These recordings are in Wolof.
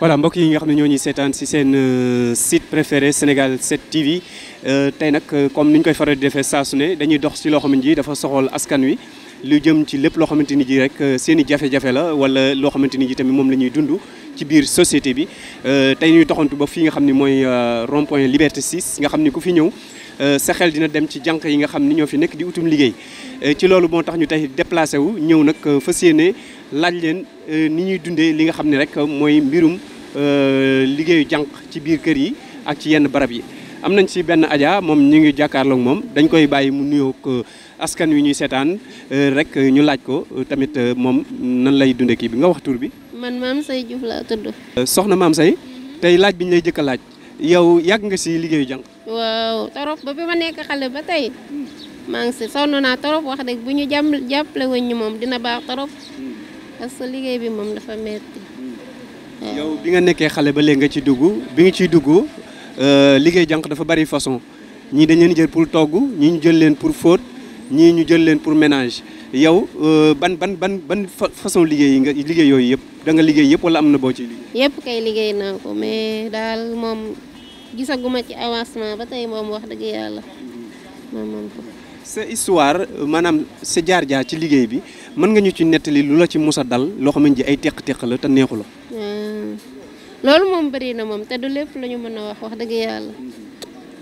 voilà mbokk yi nga xam ne ñoo ñuy seetaan si seen euh, site préféré Sénégal 7 TV euh, tey nag euh, comme ni koy faral di defee saa dañuy dox si loo xam ne dafa soxol askan wi. lu jëm ci lépp loo xamante ni ji rek euh, seen i jafe-jafe la wala loo xamante ni ji tamit moom la ñuy dund ci biir société bi euh, tey ñuy doxantu ba fii nga xam ni mooy euh, rond point liberté 6 nga xam ni ku fi ñëw sa xel dina dem ci jànq yi nga xam ni ñoo fi nekk di utum liggéey ci loolu moo tax ñu tey déplacé wu ñëw nag fas yéene laaj leen ni ñuy dundee li nga xam ne rek mooy mbirum liggéeyu jànq ci biir kër yi ak ci yenn barab yi am nañ si benn aja moom ñu ngi jàkkaarlook moom dañ koy bàyyi mu nuyoog euh, askan wi ñuy seetaan euh, rek ñu laaj ko euh, tamit moom nan lay dundee kii bi nga wax tuur bi. man Maam soxna Maam Say tey laaj bi ñu lay jëkk a laaj yow yàgg nga si liggéeyu jàng. waaw ba bi ma nekk xale ba tey maa ngi si sonn naa torop wax dëgg bu ñu jàmm jàppale woon moom dina baax torop parce que liggéey bi moom dafa metti yow bi nga nekkee xale ba léegi nga ci dugg bi nga ciy dugg Euh, liggéey jànq dafa bari façon ñii dañ leen jël pour togg ñi ñu jël leen pour fóot ñii ñu jël leen pour ménage yow euh, ban ban ban ban façon liggéey yi nga liggéey yooyu yëpp da nga liggéey yëpp wala am na boo ci liggéey. yëpp kay liggéey naa ko mais daal moom gisaguma ci avancement ba tey moom wax dëgg yàlla moom histoire maanaam sa jaar-jaar ci liggéey bi mën nga ñu ci nettali lu la ci musa dal loo xamante ni ay teq-teq la te neexu la. loolu moom bëri na moom te du lépp lañu ñu mën a wax wax dëgg yàlla.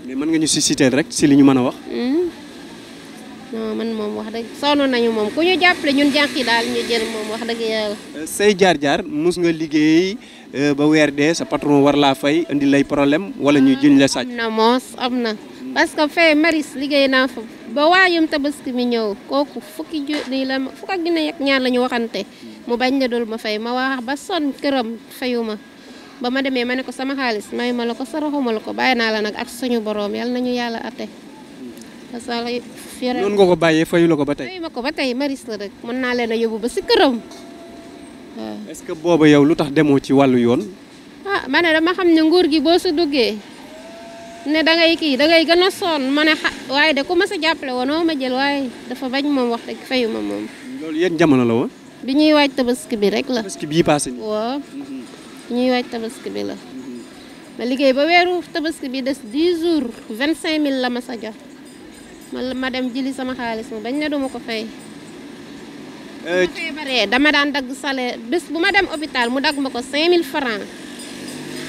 mais mën nga ñu si rek si li ñu mën a wax. Hmm? man moom wax dëgg sonn nañu moom ku ñu jàppale ñun jànq yi daal ñu jël moom wax dëgg yàlla. Euh, say jaar-jaar mus nga liggéey euh, ba weer de sa patron war laa fay indi lay problème wala ñu jëñ la ah, sàcc. na moos am na parce que fee maris liggéey naa fa ba waayum tabaski mi ñëw kooku fukki junni la ma fukk ak junni ak ñaar la ñu waxante mu bañ ne dul ma fay ma wax ba son këram fayu ma. ba ma demee ma ne ko sama xaalis may ma la ko saraxuma la ko bàyyi naa la nag ak suñu boroom yal nañu yàlla la noonu nga ko bàyyee fayu la ko ba tey fayu ko ba tey maris la rek mën naa leen a yóbbu ba si këram waaw que booba yow lu tax demoo ci wàllu yoon ah, ma ne dama xam ne nguur gi boo si duggee ne da ngay kii da gën a sonn ma ne xa waaye de ku ma sa jàppale woon oo ma jël waaye dafa bañ moom wax rek fayu ma moom loolu yéen jamono la woon bi ñuy waaj tabaski bi rek la tabaski bii paase waaw mhm. ñuy waaj tabaski bi la ma liggéey ba weeru tabaski bi des 10 jours 25000 la ma sa jox ma ma dem jëli sama xaalis ma bañ ne duma ko fay. bu euh, ma dama daan dagg salaire bés bu ma dem hôpital mu dagg ma ko 5000 francs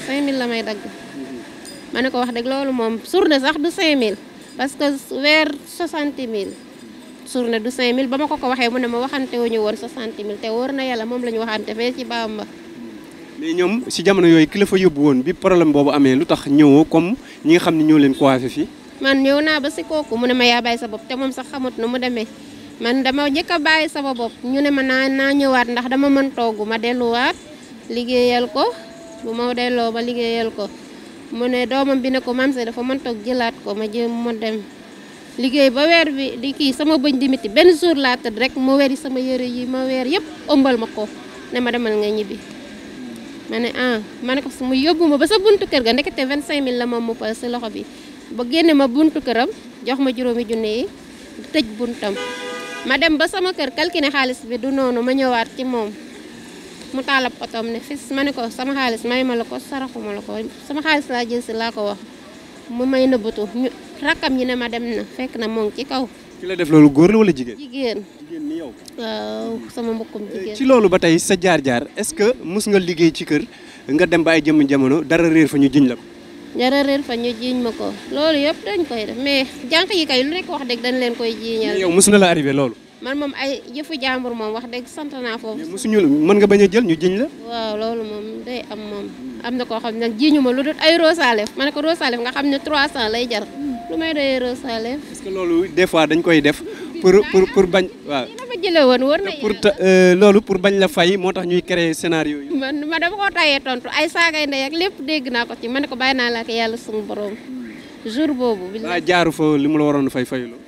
5000 la may dagg. ma ne ko wax dëgg loolu moom journée sax du 5000 parce que weer 60000 journée du 5000 ba ma ko ko waxee mu ne ma waxante wu ñu woon 60000 te wóor na yàlla moom la ñu waxante fee ci baam ma mais ñoom si jamono yooyu ki fa yóbbu woon bi problème boobu amee lu tax ñëwoo comme ñi nga xam ne ñoo leen coiffé fii. man ñëw naa ba si kooku mu ne ma yaa bàyyi sa bopp te moom sax xamut nu mu demee man dama njëkk a bàyyi sama bopp ñu ne ma naa naa ñëwaat ndax dama mën togg ma delluwaat liggéeyal ko bu ma delloo ba liggéeyal ko mu ne doomam bi ne ko maam dafa mën jëlaat ko ma jëm mu dem. liggéey ba weer bi di kii sama bëñ di miti benn jour laa tëdd rek ma weeri sama yëre yi ma weer yëpp ëmbal ma ko ne ma demal ngay ñibbi. ma ne ah ma ne ko su mu yóbbu ma ba sa buntu kër ga ndekete 25000 la moom mu pa loxo bi ba génnee ma buntu këram jox ma juróomi junne yi tëj buntam ma dem ba sama kër kalkine xaalis bi du noonu ma ñëwaat ci moom mu taalab otoom ne fis ma ne ko sama xaalis may ma la ko saraxuma la ko sama xaalis laa jël si laa ko wax mu may nëbbatu ñu rakkam ñi ne ma dem na fekk na moom ci kaw ki la def loolu góor la wala jigéen. jigéen jigéen ni yow. waaw sama mbokkum eh, jigéen. ci loolu ba tey sa jaar-jaar est-ce que mus nga liggéey ci kër nga dem ba ay jëmm jamono dara réer fa ñu jiñ la ko. dara fa ñu ma ko loolu yëpp dañ koy def mais jànq yi kay lu nekk wax dëgg dañ leen koy jiiñal. yow mus na la loolu. man moom ay jëfu jàmbur moom wax dëgg sant naa foofu. musuñu mën nga bañ a jël ñu jiñ la. waaw loolu moom day am moom am na koo xam ne nag jiiñu ma lu dul ay rosalef ma ne ko rosalef nga xam ne trois 300 lay jar lu may rëy rëy sans lèvre. parce que loolu des fois dañ koy def pour pour pour bañ. waaw na pour euh, loolu pour bañ la fay moo tax ñuy créer scénario yi. ma dama koo tayee tontu ay saagay ndey ak lépp dégg naa ko ci ma ne ko bàyyi naa la yàlla suñu borom jour boobu. bi la jaaru fa li mu la waroon fay fayuloo.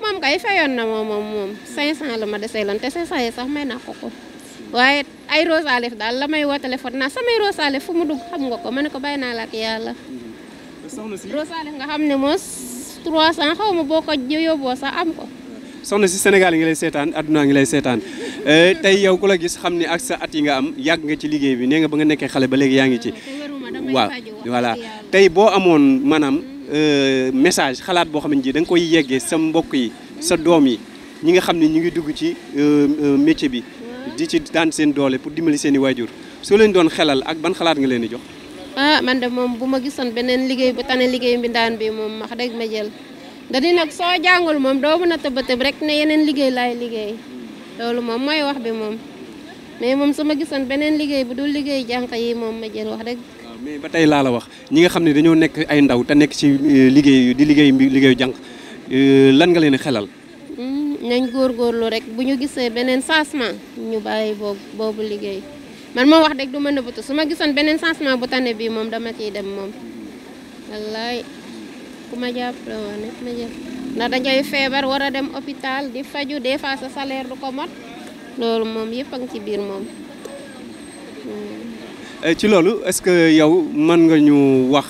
moom kay fayoon na moom moom moom 500 la ma desee loon te 500 yi sax may naa ko ko waaye ay Rose à daal la may woo téléphone naa samay Rose à lèvres fu mu dugg xam nga ko ma ne ko bàyyi naa la ak yàlla. 300 xaw boo ko yóbboo sax am ko. soxna si Sénégal ngi lay seetaan adduna ngi lay seetaan eh, tey yow ku la gis xam ne ak sa at yi nga am yàgg nga ci liggéey bi nee nga ba nga nekkee xale ba léegi yaa ngi ci. waaw voilà tey boo amoon maanaam eh, message xalaat boo xam ne ji da koy yeggee sa mbokk yi sa doom yi ñi nga xam ne ñu ngi dugg ci eh, métier bi. di ci daan seen doole pour dimali seeni i waajur soo leen doon xelal ak ban xalaat nga leen di jox. ah man de moom bu ma gisoon beneen liggéey bu tane liggéey mbindaan bi moom wax dëgg ma jël dadi nag soo jàngul moom doo mën a tëbatëb rek ne yeneen liggéey laay liggéey loolu moom mooy wax bi moom mais moom sama ma beneen liggéey bu dul liggéey jànq yi moom ma jël wax dëgg ah, ba tey laa la wax ñi xam ne dañoo nekk ay ndaw te nekk ci euh, liggéey di liggéey liggéeyu jànq euh, lan nga leen xelal hmm, nañ góorlu rek bu ñu gisee beneen changement ñu bàyyi boobu boobu liggéey man moom wax dëgg du ma nëbbatu su ma gisoon beneen changement bu tane bii moom dama ciy dem moom wallaay ku ma jàppale woon it ma jël ndax dangay feebar war a dem hôpital di faju des fois sa salaire du ko mat loolu moom yëpp a ci biir moom. Hmm. Eh, ci loolu est-ce que yow mën nga ñu wax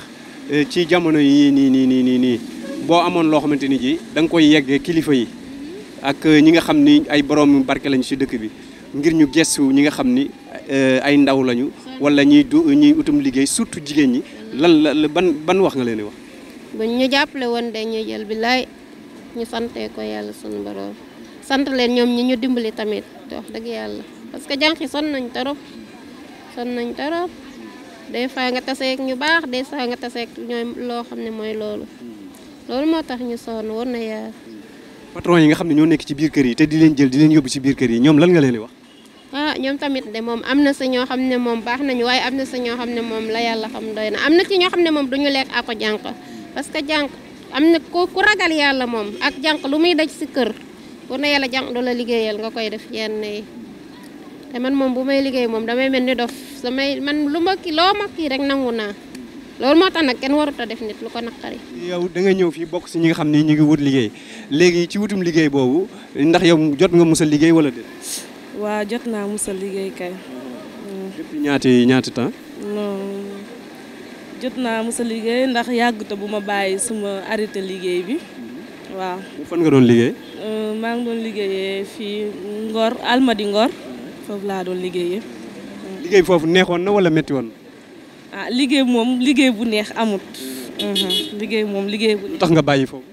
eh, ci jamono yii nii nii nii nii nii boo amoon loo xamante ni ji da nga koy yeggee kilifa yi ak eh, ñi nga xam ni ay borom barke lañu ci dëkk bi ngir ñu gestu ñi nga xam ni. Euh, ay ndaw lañu wala ñuy du ñuy utum liggéey surtout jigéen ñi lan la ban ban wax nga leen di wax. buñ ñu jàppale woon de ñu jël billaay ñu sante ko yàlla sunu borom sant leen ñoom ñu ñu dimbali tamit wax dëgg yàlla parce que jànq yi son nañ torop son nañ torop des fois nga taseeg ñu baax des fois nga taseeg ñoom loo xam ne mooy loolu loolu moo tax ñu sonn woon na yàlla. patron yi nga xam ne ñoo nekk ci biir kër yi te di leen jël di leen yóbbu ci biir kër yi ñoom lan nga leen di wax. ñoom tamit de moom am na sa ñoo xam ne moom baax nañu waaye am na sa ñoo xam ne moom la yàlla xam doy na am na ci ñoo xam ne moom duñu lekk ako jànq parce que jànq am na ku ku ragal yàlla moom ak jànq lu muy daj si kër pour na yàlla jànq du la liggéeyal nga koy def yenn yi te man moom bu may liggéey moom damay mel ni dof samay man lu ma kii loo ma kii rek nangu naa loolu moo tax nag kenn warut a def nit lu ko naqari. yow da nga ñëw fi bokk si ñu nga xam ni ñu ngi wut liggéey léegi ci wutum liggéey boobu ndax yow jot nga musa liggéey wala de waa jot naa musa liggéey kay. Mm. depuis ñaati ñaati temps. non jot naa musa liggéey ndax yàggute bu ma bàyyi suma arrêté liggéey bi mm-hmm. waaw. fan nga doon liggéey. Euh, maa ngi doon liggéeyee fii Ngor Almadi Ngor foofu laa doon liggéeyee. Mm. liggéey foofu neexoon na wala metti ah, liggéey moom liggéey bu neex amut. Mhm, liggéey moom liggéey tax nga bàyyi foofu.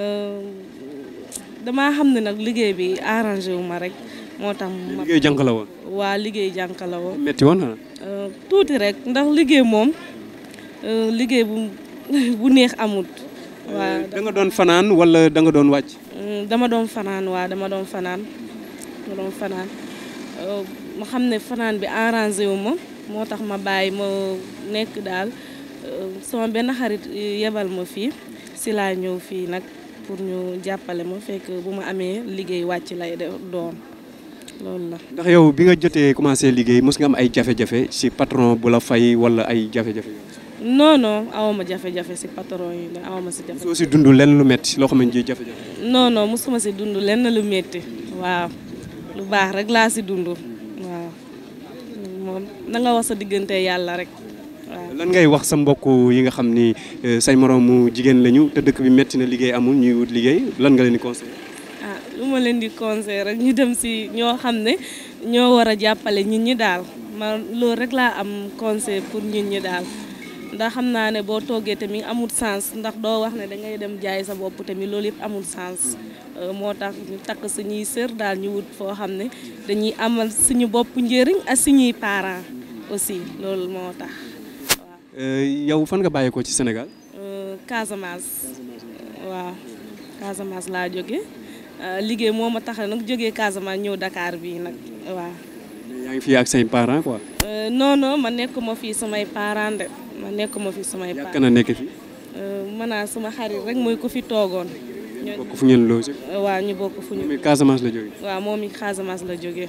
Euh, damaa xam ne nag liggéey bi arrangé wu ma rek. moo tax ma liggéey jànq la woon. waa liggéey jànq la woon. metti euh, tuuti rek ndax liggéey moom euh, liggéey bu bu neex amut. waa euh, da doon fanaan wala da nga doon wàcc. dama doon fanaan waa dama doon fanaan fanaan ma xam ne fanaan bi arrangé wu ma moo tax ma bàyyi ma nekk daal sama benn xarit yebal ma fii si laa ñëw fii nag pour ñu jàppale ma fekk bu ma amee liggéey wàcc lay doon. loolu la ndax yow bi nga jotee commencé liggéey mos nga am ay jafe-jafe si patron bu la fay wala ay jafe-jafe non non jafe-jafe si patron yi ne awama si jafe soo si dund lenn lu metti loo xam ne jafe-jafe non non mosuma si dund lenn lu metti waaw lu baax rek laa si dund waaw moom na nga wax sa diggante yàlla rek waaw lan ngay wax sa mbokk yi nga xam ni eh, say moroomu jigéen lañu te dëkk bi metti na liggéey amul ñuy wut liggéey lan nga leen di conseillé lu ma leen di conseil rek ñu dem si ñoo xam ne ñoo war a jàppale ñit ñi daal ma loolu rek laa am conseil pour ñit ñi daal ndax xam naa ne boo toogee tamit amul sens ndax doo wax ne dangay dem jaay sa bopp tamit loolu yëpp amul sens euh, moo tax ñu suñuy sër daal ñu wut foo xam ne dañuy amal suñu bopp njëriñ ak suñuy parents aussi loolu moo tax waaw. Euh, yow fan nga bàyyi ko ci Sénégal. Euh, Casamance. waaw Casamance laa jóge Euh, liggéey moom ma tax nag jógee Casamance ñëw dakaar bii nag waa yaa ngi fii ak say parents quoi. Euh, ma nekk ma fii samay parents de ma nekk ma fii samay. parents nekk fii. Euh, ma naa sama xarit rek mooy ku fi toogoon. ñu bokk fu ngeen loo waaw ñu bokk fu ñu. moom it Casamance la moom it Casamance la jógee.